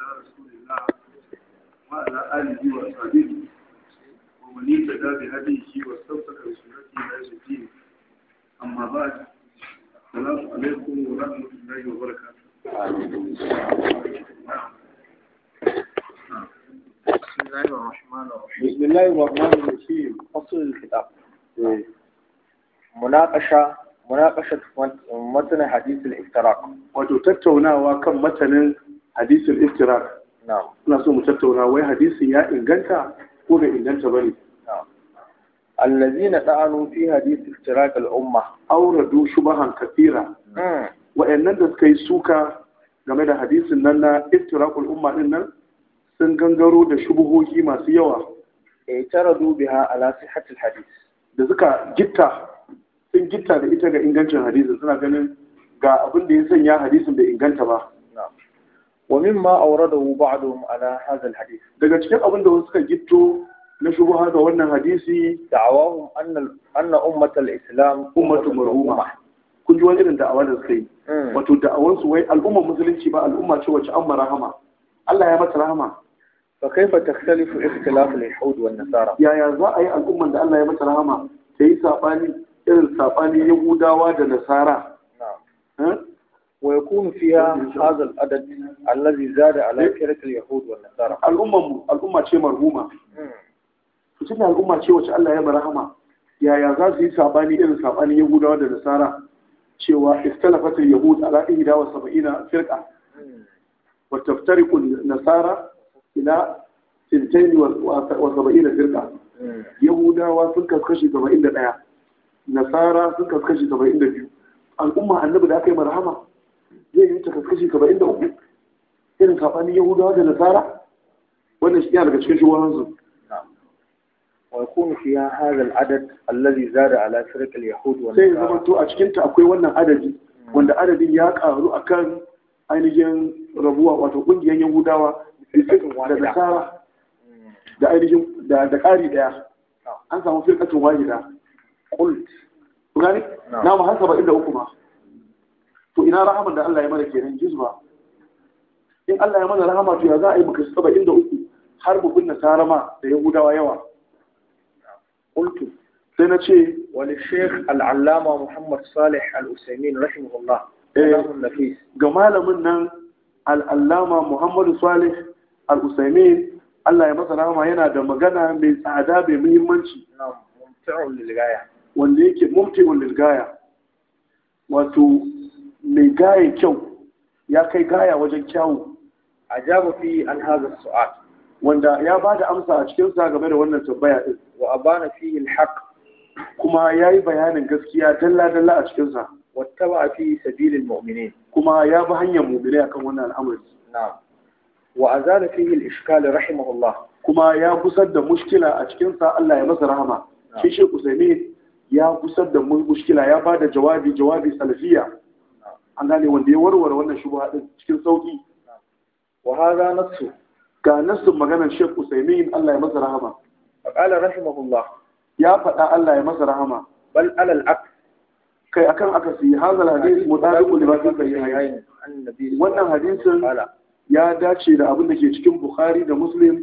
على رسول الله وعلى آله وأصحابه ومن اهتدى بهديه واستمسك بسنته إلى يوم الدين أما بعد السلام عليكم ورحمة الله وبركاته. بسم الله الرحمن الرحيم بسم الله الرحمن الرحيم فصل الكتاب إيه. مناقشة مناقشة متن حديث الافتراق وتتتوناوا كم متن hadisin iftirak ina so mu tattauna wai hadisin ya inganta ko bai inganta ba ne allazina da'anu fi hadisi iftirak al'umma awradu shubahan kathira hmm. wa'annan da suka yi suka game da hadisin nan na iftirak al'umma din nan sun gangaro da shubuhohi masu yawa e taradu biha ala sihhatil hadis da suka gitta sun gitta da ita ga ingancin hadisin suna ganin ga abin da ya sanya hadisin bai inganta ba wa mimma awradahu ba'dhum ala hadha al-hadith daga cikin abinda da wasu suka gitto na shubha ga wannan hadisi da'awahum anna anna ummat islam ummatu marhuma kun ji wani irin da'awa da suka yi hmm. wato da'awar wai al'ummar musulunci ba al'umma ce wacce an rahama Allah ya mata rahama fa kaifa takhtalifu ikhtilafu al-yahud wa an-nasara ya ya za a yi al'ummar da Allah ya mata rahama ta yi sabani irin da nasara ويكون فيها هذا العدد الذي زاد على كرك اليهود والنصارى الأمة الأمة شيء مرهومة tunda al'umma ce wacce Allah ya barahama yaya za su yi sabani irin sabanin Yahudawa da Nasara cewa istalafatul yahud ala ihda wa sab'ina firqa wa taftariqu nasara ila sintain wa sab'ina firqa Yahudawa sun kaskashi 71 Nasara sun kaskashi 72 al'umma annabi da aka yi marhama zai yi ta kaskashi saba'in da uku irin saɓanin yahudawa da nasara wannan shi yana daga cikin shugabansu ويكون فيها هذا العدد الذي زاد على فرق اليهود والنصارى sai zama to a cikin ta akwai wannan adadi wanda adadin ya karu akan ainihin rabuwa wato kungiyar yahudawa da nasara hmm. da ainihin da da ƙari daya an samu firqatun wahida qult gani na mu hasaba inda uku ma to ina rahaman da Allah ya mana kenan jizba in Allah ya mana rahama to ya za a yi muka saba inda uku har mu kunna tarama da yahudawa yawa qultu sai na ce Wani shaykh al-allama muhammad salih al-usaymin rahimahullah eh, ga malamin nan al-allama muhammad salih al-usaymin Allah ya masa rahama yana da magana mai tsada mai muhimmanci na'am mumti'un lil wanda yake mumti'un lil wato mai gaya kyau ya kai gaya wajen kyawu a jabu fi an haza su'a. wanda ya ba da amsa a cikin sa game da wannan tambaya din wa abana fi alhaq kuma yayi bayanin gaskiya dalla dalla a cikin sa wattaba fi sabilil mu'minin kuma ya bi hanyar mu'mini akan wannan al'amari na'am wa azala fihi al-ishkal rahimahullah kuma ya kusar da mushkila a cikin sa Allah ya masa rahama shi shi kusaimi ya kusar da mushkila ya bada jawabi jawabi salafiya an gane wanda ya warware wannan shubha din cikin sauki wa hadha nassu ga nassun maganar Sheikh Usaimin Allah ya masa rahama qala rahimahullah ya faɗa Allah ya masa rahama bal alal aks kai akan akasi hadha hadith mutabiqu lima fi sahihayn wannan hadisin ya dace da abin da ke cikin Bukhari da Muslim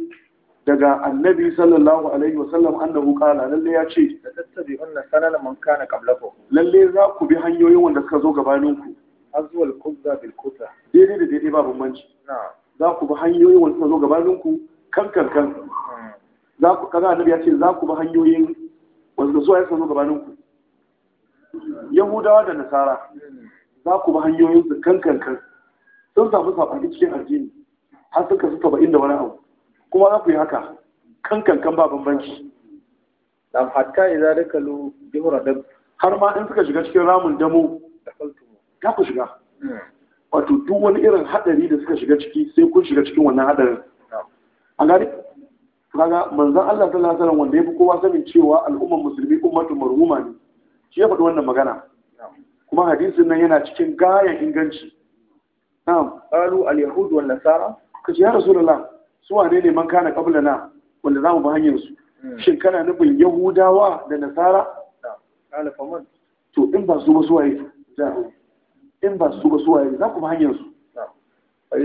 daga annabi sallallahu alaihi wa sallam. annahu qala lalle ya ce tattabi'unna sanana man kana qablakum lalle za ku bi hanyoyin wanda suka zo gabaninku azwal kubza bil kubza daidai da daidai ba bambanci za ku bi hanyoyin wanda suka zo gabanin ku kan kan kan hmm. za ku kaga annabi ya ce za ku bi hanyoyin wanda suka zo gabanin ku yahudawa da nasara hmm. za ku bi hanyoyin su kan kan kan sun samu sabani cikin aljini har suka su saba'in da wani abu kuma za ku yi haka kan kan kan ba bambanci lam hatta idza dakalu bihura dab har ma in suka shiga cikin ramin damo da kaltu ya ku shiga wato duk wani irin haɗari da suka shiga ciki sai kun shiga cikin wannan hadarin A gani kaga manzon Allah sallallahu alaihi wanda ya fi kowa sanin cewa al'ummar musulmi ummatun marhuma ne shi ya faɗi wannan magana kuma hadisin nan yana cikin gayan inganci na'am qalu al-yahud wal nasara kace ya rasulullah su wane ne man kana qablana wanda zamu bi hanyar su hmm. shin kana nufin yahudawa da nasara qala faman to in ba su ba su waye in ba su ba su waye za ku hanyar su